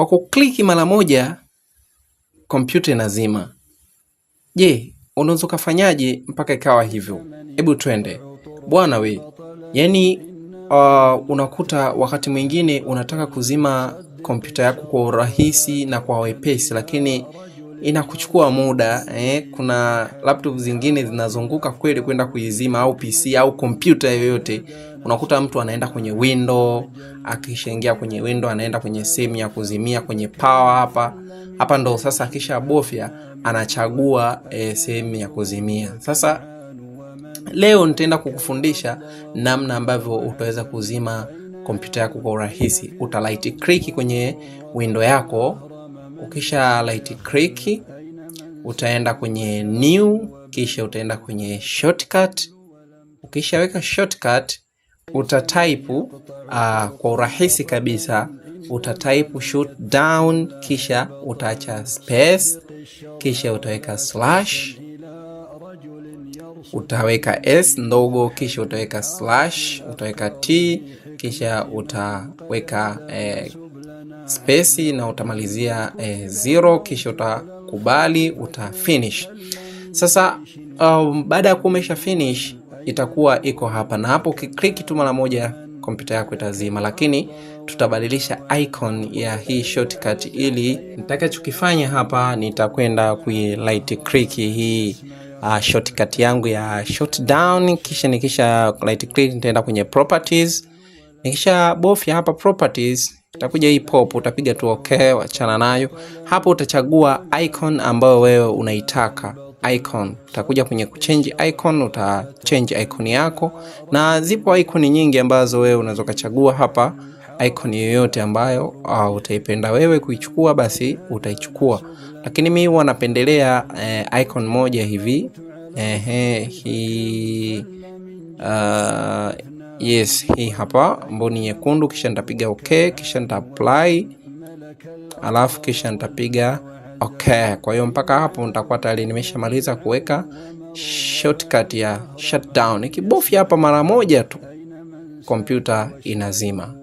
Kwa kukliki mara moja kompyuta inazima. Je, unaweza ukafanyaje mpaka ikawa hivyo? Hebu twende bwana we. Yaani uh, unakuta wakati mwingine unataka kuzima kompyuta yako kwa urahisi na kwa wepesi, lakini inakuchukua muda eh. Kuna laptop zingine zinazunguka kweli kwenda kuizima, au PC au kompyuta yoyote. Unakuta mtu anaenda kwenye window, akishaingia kwenye window anaenda kwenye sehemu ya kuzimia, kwenye power. Hapa hapa ndo sasa akisha bofya anachagua eh, sehemu ya kuzimia. Sasa leo nitaenda kukufundisha namna ambavyo utaweza kuzima kompyuta yako kwa urahisi. utalight click kwenye window yako Ukisha light click utaenda kwenye new, kisha utaenda kwenye shortcut. Ukishaweka shortcut utatype uh, ah, kwa urahisi kabisa utatype shoot down, kisha utaacha space, kisha utaweka slash, utaweka s ndogo, kisha utaweka slash, utaweka t, kisha utaweka eh, spesi na utamalizia e, zero kisha utakubali uta finish. Sasa um, baada ya kuumesha finish itakuwa iko hapa, na hapo ukiklik tu mara moja kompyuta yako itazima, lakini tutabadilisha icon ya hii shortcut ili nitakachokifanya hapa nitakwenda kui click hii uh, shortcut yangu ya shutdown, kisha nikisha light click nitaenda kwenye properties, nikisha bofya hapa properties Utakuja hii pop, utapiga tu okay, wachana nayo hapo. Utachagua icon ambayo wewe unaitaka icon. Utakuja kwenye kuchange icon, utachange icon yako, na zipo icon nyingi ambazo wewe unaweza ukachagua hapa icon yoyote ambayo uh, utaipenda wewe kuichukua basi utaichukua, lakini mimi huwa napendelea eh, icon moja hivi eh, eh, uh, Yes, hii hapa mboni nyekundu, kisha nitapiga ok kisha nita apply, alafu kisha nitapiga ok Kwa hiyo mpaka hapo nitakuwa tayari nimeshamaliza kuweka shortcut ya shutdown. Nikibofya hapa mara moja tu kompyuta inazima.